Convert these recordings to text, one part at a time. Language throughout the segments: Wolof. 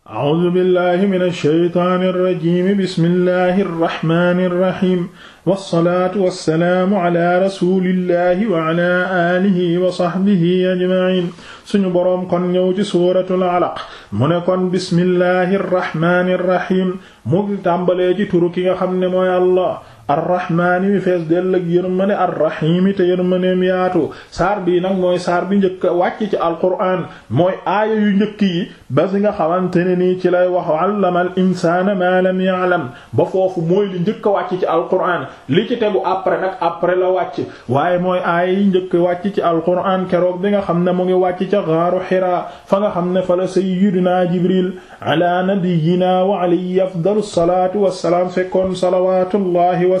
A'uuzu billaahi mina shaytaani rajiim bismillaahi rahmaani rahiim wassalaatu wassalaamu alaa rasuulillaahi wa alaa aalihi wa sahbihi ajma'iin suñu boroom kon ñëw ci suuratul alaq mu ne kon bismillaahi rahmaani rahiim mu tàmbalee ci turu ki nga xam ne mooy Allah arrahmaani mi fees dell ak yërmande arrahiimi te yërmandeem yaatu saar bii nag mooy saar bi njëkk a ci alquraan mooy aaya yu njëkk yi ba si nga xamante ne nii ci lay wax allama al ma maa lam ya'lam ba foofu mooy li njëkk a wàcc ci alquraan li ci te après nag après la wàcc waaye mooy aaya yi njëkk wàcc ci alquraan keroog bi nga xam ne mo ngi wàcc ca gaaru xiraa fa nga xam ne fa la sayyidina jibril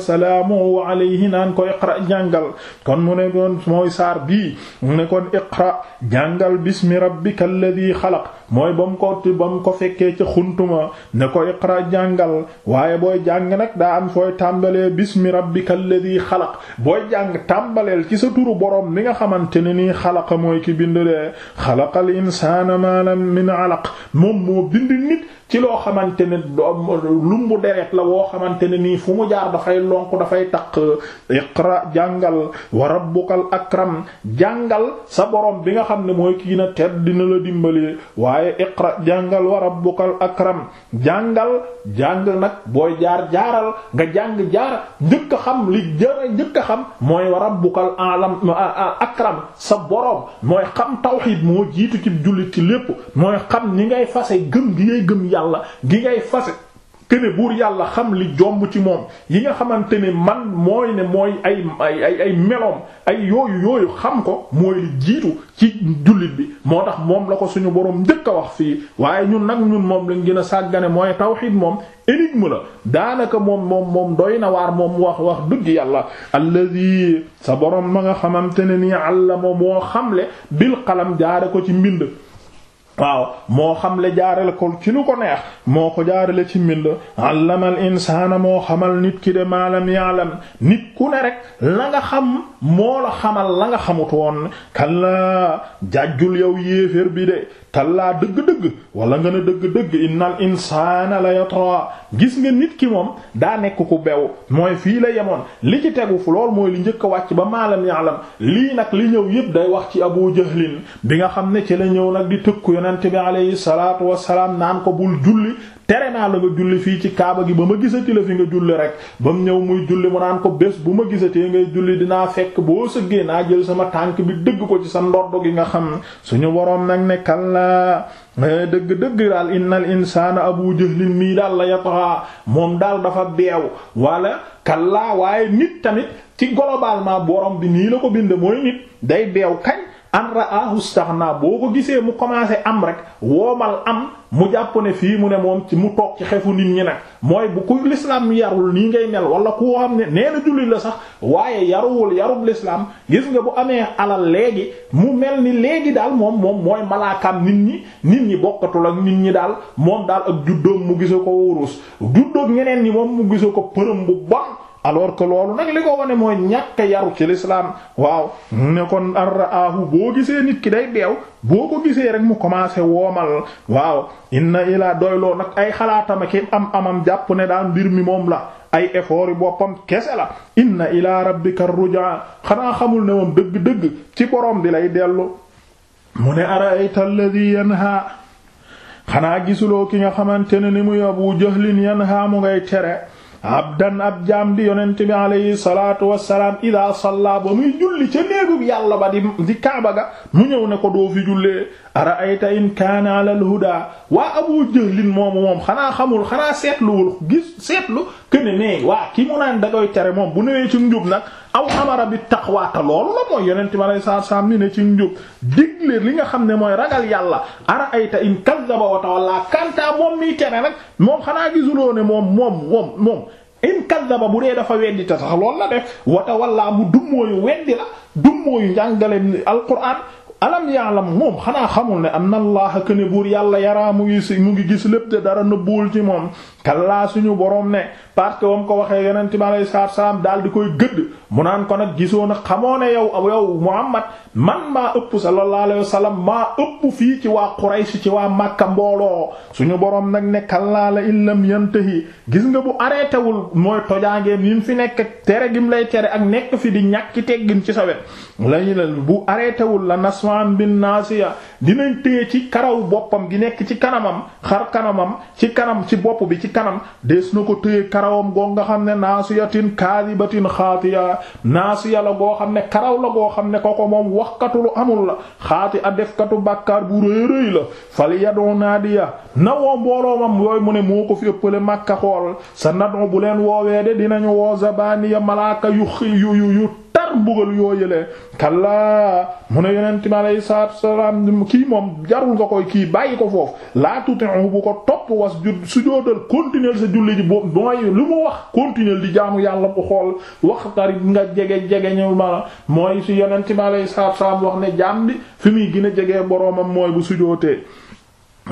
wa salaamuhu alayhi naan ko iqra jàngal kon mu ne doon mooy saar bii mu ne kon iqra jàngal bismi rabbika alladhi xalaq mooy ba mu ko ba mu ko fekkee ca xuntuma ne ko iqra jàngal waaye booy jàng nag daa am fooy tàmbalee bismi rabbika alladhi xalaq booy jàng tàmbaleel ci sa turu boroom mi nga xamante ne nii xalaqa mooy ki bind de xalaqal insaana ma min alaq moom moo bind nit ci loo xamante ne lumbu deret la woo xamante ne nii fu mu jaar dafay lonk dafay taq iqra jàngal wa rabbukal akram jàngal sa borom bi nga xam ne mooy kii na dina la dimbali waaye jàngal wa rabbukal akram jàngal jàng nag booy jaar jaaral nga jàng jaar njëkk a xam li jara a xam mooy wa rabbukal alam akram sa borom mooy xam tawxid moo jiitu ci jullit ci lépp mooy xam ni ngay fase gëm gi ngay gëm yàlla gi ngay fase kene buur yàlla xam li jomb ci moom yi nga xamante ni man mooy ne mooy ay ay ay meloom ay yooyu yooyu xam ko mooy li jiitu ci jullit bi moo tax moom la ko suñu boroom njëkk a wax fii waaye ñun nag ñun moom lañ gën a sàggane mooy tawxiid moom énigme la daanaka moom moom moom doy na waar moom wax wax dëgg yàlla alladi sa boroom ma nga xamante ne nii àlla moom moo xamle bil xalam jaare ko ci mbind waaw moo xam le jaarale ko ci lu ko neex moo ko jaarale ci mbind allamal insaana moo xamal nit ki de maalam yaalam nit ku ne rek la nga xam moo la xamal la nga xamut woon kallaa jàjjul yow yéeféer bi de kallaa dëgg-dëgg wala nga ne dëgg-dëgg innal insaana la yatra gis nga nit ki moom daa nekk ku bew mooy fii la yemoon li ci tegu fu lool mooy li njëkk a wàcc ba maalam yaalam lii nag li ñëw yépp day wax ci abu jahlin bi nga xam ne ci la ñëw nag di tëkku yonent bi alayhi salaatu wassalaam naan ko bul julli tere naa la nga julli fii ci kaaba gi ba ma gisati la fi nga julli rek ba mu ñëw muy julli mu naan ko bés bu ma gisatee ngay julli dinaa fekk boo sëggee naa jël sama tànk bi dëgg ko ci sa ndoddo gi nga xam ne suñu woroom nag ne kallaa eh, dëgg dëgg daal innal insaana abu jahlin mii daal la yatgha moom daal dafa beew wala kallaa waaye nit tamit ci globalement borom bi nii la ko bind mooy nit day beew kañ an raahu staxna boo ko gisee mu commencé am rek woomal am mu jàpp ne fii mu ne moom ci mu toog ci xefu nit ñi nag mooy bu ku l'islam yarul nii ngay mel wala ku xam ne nee na jullit la sax waaye yaruwul yarub l'islam gis nga bu amee alal léegi mu mel ni léegi daal moom moom mooy malaakam nit ñi nit ñi bokkatul ak nit ñi daal moom daal ak juddoom mu gisa ko wurus juddoog ñeneen ñi moom mu gisa ko përëm bu bon alors que loolu nag li ko wane mooy ñàkk yaru ci l'islam waaw ne kon arraahu boo gisee nit ki day beew boo ko gisee rek mu commencé woomal waaw inna ilaa doyloo nag ay xalaatama ki am amam jàpp ne daal mbir mi moom la ay effort boppam kese la inna ilaa rabbika rujaa xanaa xamul ne moom dëgg-dëgg ci borom di lay dellu mu ne ara'ayta alladhi yanha xanaa gisuloo ki nga xamante ne ni muy Abu Jahlin yanha mu ngay tere abdan ab jaam di yonent bi alayhi salaatu wassalaam ida salla ba muy julli ca néegub yàlla ba di kaaba ga mu ñëw ne ko doo fi jullee ara ayta in kaana ala al waa abu moomu moom xanaa xamul xanaa seetluwul gis seetlu këne nee waa ki mu naan da koy tere moom bu newee ci njub nag aw amara bi taqwa ta loolu la mooy yonent bi alayhi salaatu ci njub digle li nga xam ne mooy ragal yàlla ara ayta in kazzaba wa tawalla kanta xanaa gisuloo moom in kadaba bu dee dafa weddi te sax loolu la def wata walla mu dummóoyu weddi la dummóoyu njàngale alquran alam la moom xanaa xamul ne am anna allaha këne buur yàlla yaram mu ngi mu ngi gis lépp te dara nëbbuwul ci moom kallaa suñu borom ne parce que wam ko waxee yonente bi alayhi salaatu salaam daal di koy gëdd mu naan ko nag gisoo na xamoo ne yow yow Muhammad man maa ëpp sallallahu alayhi wa sallam maa ëpp fii ci waa Quraysh ci waa Makka mbooloo suñu boroom nag ne kallaa la illam yantahi gis nga bu arrêté wul mooy tojaangeem yi fi nekk tere gi mu lay tere ak nekk fi di ñàkki teggin ci sawet wet lañu la bu arrêté wul la naswaan bin naasiya dinañ téye ci karaw boppam gi nekk ci kanamam xar ci kanam dees na ko téye karawam goo nga xam ne naasiyatin kaadibatin xaatiya naasiya la goo xam ne karaw la goo xam ne ko ko moom waxkatu lu amul la xaati a defkatu bàkkaar bu rëy rëy la fal yadoo naadiya na woo mbooloomam yooyu mu ne moo ko fi ëppale màkka xool sa nadoo bu leen woowee de dinañu woo zabaniya malaaka yu yu yu tar mbugal yoo yëlee kallaa mu ne yonente mi alayhi salaatu wasalaam kii moom jarul nga koy kii bàyyi ko foofu laa tuti'uhu bu ko topp was jud continuer sa julli ji boobu mooy lu mu wax continuer di jaamu yàlla bu xool wax tarib nga jege jege ñu ma mooy si yonent mi alayhi salaatu salaam wax ne jaam fi muy gën a jege boroomam mooy bu sujootee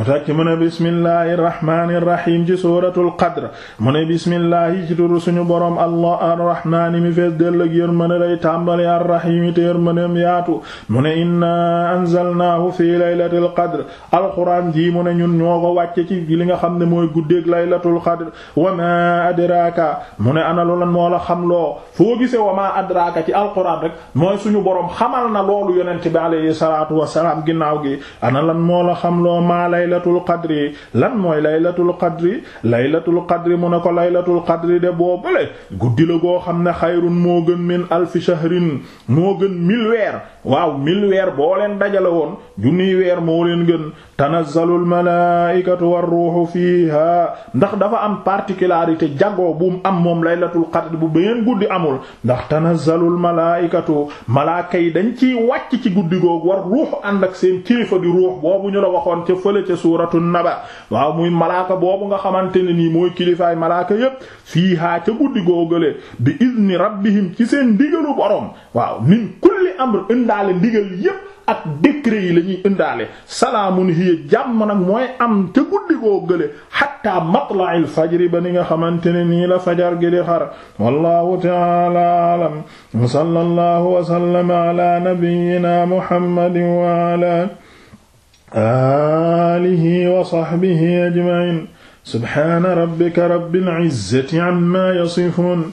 tàcc mu ne bismillahi irrahmani irrahim ci suratul qadr mu ne bismillahi ci turu suñu boroom allah arrahmaani mi fees dellëg yér mën a lay tàmbale arrahimi téer mënem yaatu mu ne inna anzalnaahu fii laylatil qadr alquran jii mu ne ñun ñoo ko wàcce ci li nga xam ne mooy guddeeg laylatul qadr wa ma adraka mu ne ana lu lan moo la xam loo foo gisee wa ma adraka ci alquran rek mooy suñu boroom xamal na loolu yonent bi alayhi salaatu wasalaam ginnaaw gi ana lan moo la xam loo maa lay laylatul qadri lan mooy laylatul qadri laylatul qadri mu ne ko laylatul qadri de boobale guddi la goo xam ne xayrun moo gën min alfi shahrin moo gën mil weer waaw mil weer boo leen dajale woon junniy weer moo leen gën tanazzalul malaa'ikatu war ruuhu fiiha ndax dafa am particularité jagoo bu am moom laylatul qadr bu beneen guddi amul ndax tanazzalul malaa'ikatu malaaka yi dañ ci wàcc ci guddi googu war ruuxu ànd ak seen kilifa di ruux boobu ñu la waxoon ca fële ca suuratu naba waaw muy malaaka boobu nga xamante ne nii mooy kilifaay malaaka yépp fiiha ca guddi googale bi izni rabbihim ci seen ndigalu borom indaale ndigal yépp ak décret yi la ñuy indaale salaamun hiya jàmm nag mooy am te guddi goo gële hatta matla'il fajri ba ni nga xamante ne nii la fajar gi di xar wallahu ta'ala alam sallallahu wa sallama ala nabiyyina muhammadin wa ala alihi wa sahbihi ajma'in subhana rabbika rabbil izzati amma yasifun